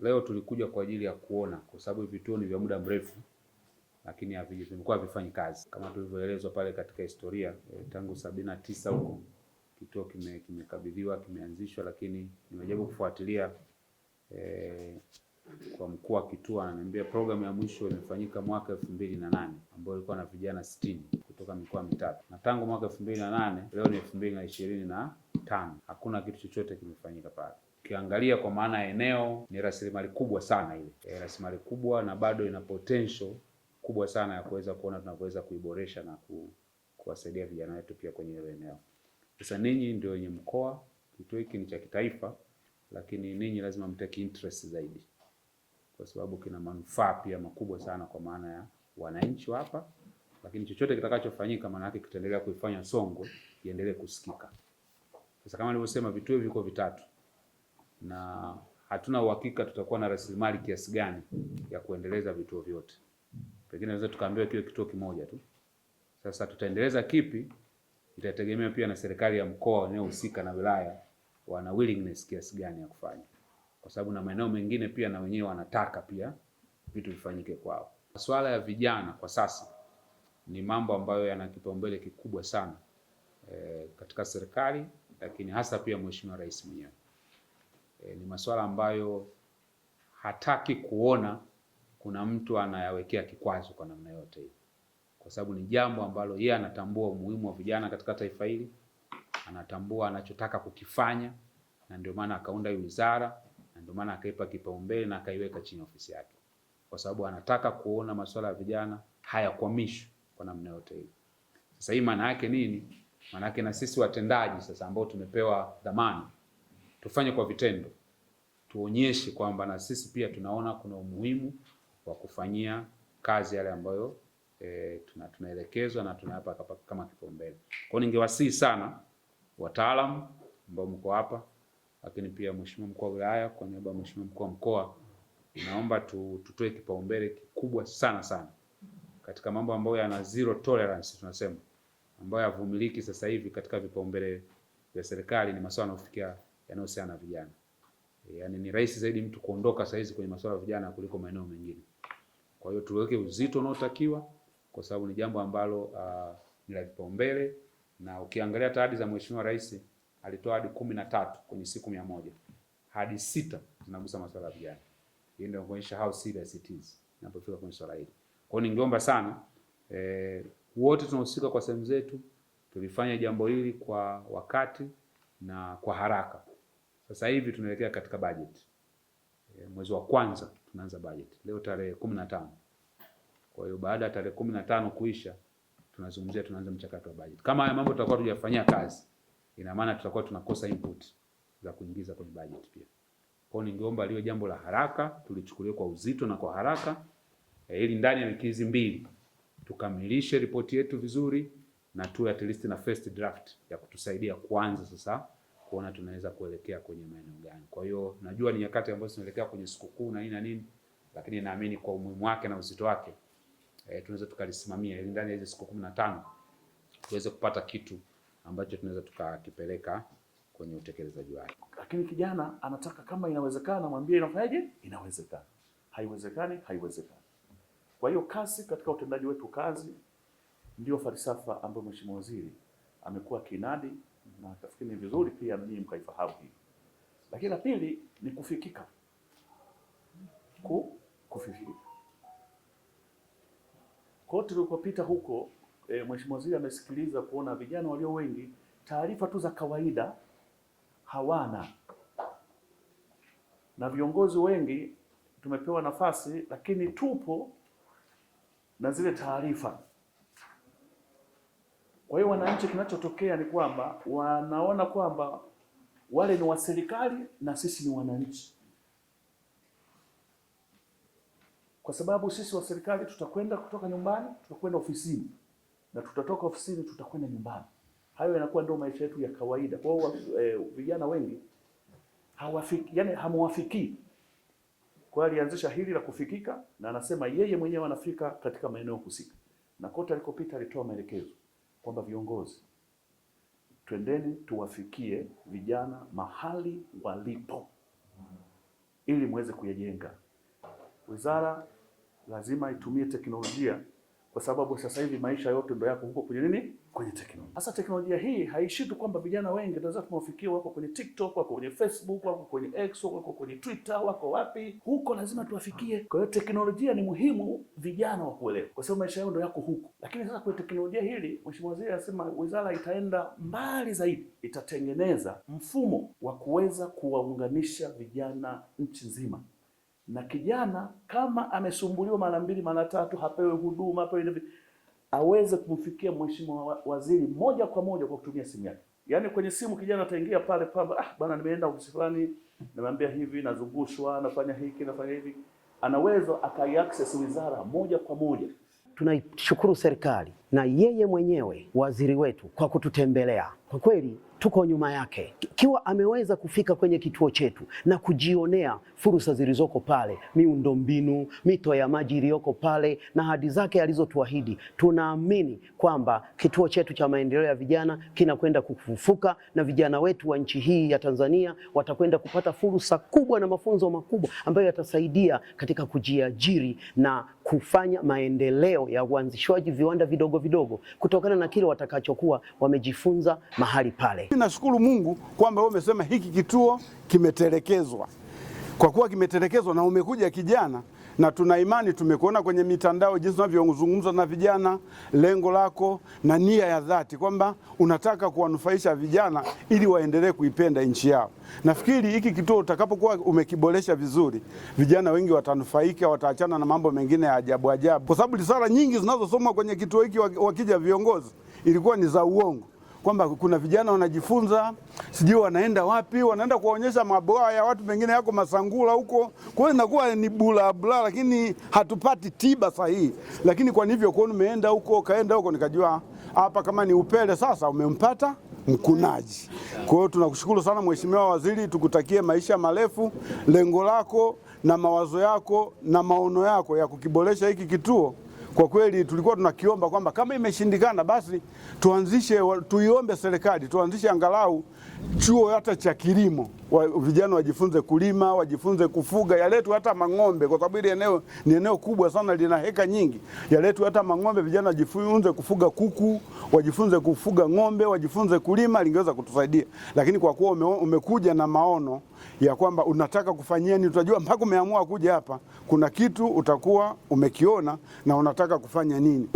leo tulikuja kwa ajili ya kuona, kwa sababu vituo ni vya muda mrefu, lakini vimekuwa havifanyi kazi kama tulivyoelezwa pale katika historia eh, tangu sabini na tisa huko kituo kimekabidhiwa kime kimeanzishwa, lakini nimejaribu kufuatilia eh, kwa mkuu wa kituo ananiambia programu ya mwisho imefanyika mwaka elfu mbili na nane ambayo ilikuwa na vijana sitini kutoka mikoa mitatu na tangu mwaka elfu mbili na nane leo ni elfu mbili na ishirini na tano hakuna kitu chochote kimefanyika pale. Ukiangalia kwa maana eneo ni rasilimali kubwa sana ile, e, rasilimali kubwa na bado ina potential kubwa sana ya kuweza kuona tunavyoweza kuiboresha na ku, kuwasaidia vijana wetu pia kwenye hilo eneo. Sasa ninyi ndio wenye mkoa, kituo hiki ni cha kitaifa, lakini ninyi lazima mteki interest zaidi, kwa sababu kina manufaa pia makubwa sana kwa maana ya wananchi hapa, lakini chochote kitakachofanyika maana yake kitaendelea kuifanya Songwe iendelee kusikika. Sasa kama nilivyosema, vituo viko vitatu na hatuna uhakika tutakuwa na rasilimali kiasi gani ya kuendeleza vituo vyote. Pengine naweza tukaambiwa kiwe kituo kimoja tu. Sasa tutaendeleza kipi itategemea pia na serikali ya mkoa wenyewe husika na wilaya wana willingness kiasi gani ya kufanya, kwa sababu na maeneo mengine pia na wenyewe wanataka pia vitu vifanyike kwao. Masuala ya vijana kwa sasa ni mambo ambayo yana kipaumbele kikubwa sana e, katika serikali, lakini hasa pia Mheshimiwa Rais mwenyewe. E, ni masuala ambayo hataki kuona kuna mtu anayawekea kikwazo kwa namna yote hii, kwa sababu ni jambo ambalo yeye anatambua umuhimu wa vijana katika taifa hili, anatambua anachotaka kukifanya, na ndio maana akaunda hii wizara, na ndio maana akaipa kipaumbele na akaiweka chini ofisi yake, kwa sababu anataka kuona masuala ya vijana hayakwamishwi kwa namna yote hii. Sasa hii maana yake nini? Maana yake na sisi watendaji sasa ambao tumepewa dhamana tufanye kwa vitendo, tuonyeshe kwamba na sisi pia tunaona kuna umuhimu wa kufanyia kazi yale ambayo e, tuna, tunaelekezwa na tunayapa kama kipaumbele. Kwa hiyo ningewasihi sana wataalamu ambao mko hapa, lakini pia mheshimiwa mkuu wa wilaya, kwa niaba ya mheshimiwa mkuu wa mkoa, naomba tu, tutoe kipaumbele kikubwa sana sana katika mambo ambayo yana zero tolerance tunasema, ambayo yavumiliki sasa hivi katika vipaumbele vya serikali ni masuala yanayofikia yanayohusiana na vijana. Yaani ni rahisi zaidi mtu kuondoka saa hizi kwenye masuala ya vijana kuliko maeneo mengine. Kwa hiyo tuweke uzito unaotakiwa kwa sababu ni jambo ambalo uh, ni la kipaumbele na ukiangalia hata ahadi za Mheshimiwa Rais alitoa hadi kumi na tatu kwenye siku mia moja hadi sita zinagusa masuala ya vijana. Hii ndio kuonyesha how serious it is inapofika kwenye swala hili. Kwa hiyo ningeomba sana eh, wote tunahusika kwa sehemu zetu tulifanya jambo hili kwa wakati na kwa haraka. Sasa hivi tunaelekea katika budget. E, Mwezi wa kwanza tunaanza budget. Leo tarehe kumi na tano. Kwa hiyo baada ya tarehe kumi na tano kuisha tunazungumzia tunaanza mchakato wa budget. Kama haya mambo tutakuwa tujafanyia kazi, ina maana tutakuwa tunakosa input za kuingiza kwenye budget pia. Kwa hiyo ningeomba liwe jambo la haraka, tulichukulie kwa uzito na kwa haraka e, ili ndani ya wiki hizi mbili tukamilishe ripoti yetu vizuri na tuwe at least na first draft ya kutusaidia kuanza sasa kuona tunaweza kuelekea kwenye maeneo gani. Kwa hiyo najua ni nyakati ambazo tunaelekea kwenye sikukuu na nini na nini, lakini naamini kwa umuhimu wake na uzito wake e, tunaweza tukalisimamia ili ndani ya hizo siku kumi na tano tuweze kupata kitu ambacho tunaweza tukakipeleka kwenye utekelezaji wake. Lakini kijana anataka kama inawezekana, mwambie inafanyaje, inawezekana. Haiwezekani, haiwezekani. Kwa hiyo kasi katika utendaji wetu kazi ndio falsafa ambayo Mheshimiwa Waziri amekuwa kinadi na nafikiri ni vizuri pia mjini mkaifahamu hiyo. Lakini la pili ni kufikika ku kufikika kwa tulipopita huko e, Mheshimiwa Waziri amesikiliza kuona vijana walio wengi taarifa tu za kawaida hawana, na viongozi wengi tumepewa nafasi, lakini tupo na zile taarifa kwa hiyo wananchi, kinachotokea ni kwamba wanaona kwamba wale ni wa serikali na sisi ni wananchi, kwa sababu sisi wa serikali tutakwenda kutoka nyumbani, tutakwenda ofisini na tutatoka ofisini, tutakwenda nyumbani. Hayo yanakuwa ndio maisha yetu ya kawaida. Kwa hiyo eh, vijana wengi hawafiki, yani hamwafikii kwa alianzisha hili la kufikika, na anasema yeye mwenyewe anafika katika maeneo husika, na kote alikopita alitoa maelekezo kwamba viongozi, twendeni tuwafikie vijana mahali walipo ili muweze kuyajenga. Wizara lazima itumie teknolojia kwa sababu sasa hivi maisha yote ndio yako huko kwenye nini, kwenye teknolojia. hasa teknolojia hii haishi tu kwamba vijana wengi tunaweza tumewafikia, wako kwenye TikTok, wako kwenye Facebook, wako kwenye X, wako kwenye Twitter, wako wapi huko, lazima tuwafikie. Kwa hiyo teknolojia ni muhimu vijana wa kuelewa, kwa sababu maisha yao ndio yako huko. Lakini sasa kwenye teknolojia hili, mheshimiwa waziri anasema wizara itaenda mbali zaidi, itatengeneza mfumo wa kuweza kuwaunganisha vijana nchi nzima na kijana kama amesumbuliwa mara mbili mara tatu, hapewe huduma, hapewe hivi, aweze kumfikia mheshimiwa waziri moja kwa moja kwa kutumia simu yake. Yaani kwenye simu kijana ataingia pale pamba, ah, bwana nimeenda ofisi fulani, nimeambia hivi, nazungushwa, nafanya hiki, nafanya hivi. Anaweza access wizara moja kwa moja. Tunaishukuru serikali na yeye mwenyewe waziri wetu kwa kututembelea. Kwa kweli tuko nyuma yake. Ikiwa ameweza kufika kwenye kituo chetu na kujionea fursa zilizoko pale, miundombinu, mito ya maji iliyoko pale na ahadi zake alizotuahidi, tunaamini kwamba kituo chetu cha maendeleo ya vijana kinakwenda kufufuka na vijana wetu wa nchi hii ya Tanzania watakwenda kupata fursa kubwa na mafunzo makubwa ambayo yatasaidia katika kujiajiri na kufanya maendeleo ya uanzishwaji viwanda vidogo vidogo kutokana na kile watakachokuwa wamejifunza mahali pale. Mimi nashukuru Mungu kwamba wewe umesema hiki kituo kimetelekezwa, kwa kuwa kimetelekezwa na umekuja kijana, na tuna imani, tumekuona kwenye mitandao jinsi unavyozungumza na vijana, lengo lako na nia ya dhati kwamba unataka kuwanufaisha vijana ili waendelee kuipenda nchi yao. Nafikiri hiki kituo utakapokuwa umekiboresha vizuri, vijana wengi watanufaika, wataachana na mambo mengine ya ajabu ajabu, kwa sababu risala nyingi zinazosomwa kwenye kituo hiki wakija viongozi ilikuwa ni za uongo kwamba kuna vijana wanajifunza, sijui wanaenda wapi, wanaenda kuwaonyesha mabwawa ya watu pengine yako Masangula huko. Kwa hiyo inakuwa ni bula, lakini hatupati tiba sahihi. Lakini kwa nivyo kwa nimeenda huko, kaenda huko, nikajua hapa kama ni upele sasa umempata mkunaji. Kwa hiyo tunakushukuru sana Mheshimiwa Waziri, tukutakie maisha marefu. Lengo lako na mawazo yako na maono yako ya kukiboresha hiki kituo kwa kweli tulikuwa tunakiomba kwamba kama imeshindikana, basi tuanzishe, tuiombe serikali tuanzishe angalau chuo hata cha kilimo wa, vijana wajifunze kulima, wajifunze kufuga, yaletu hata mang'ombe, kwa sababu ile eneo ni eneo kubwa sana, lina heka nyingi. yaletu hata mang'ombe, vijana wajifunze kufuga kuku, wajifunze kufuga ng'ombe, wajifunze kulima, lingeweza kutusaidia. Lakini kwa kuwa ume, umekuja na maono ya kwamba unataka kufanyia nini, utajua mpaka umeamua kuja hapa, kuna kitu utakuwa umekiona na unataka kufanya nini.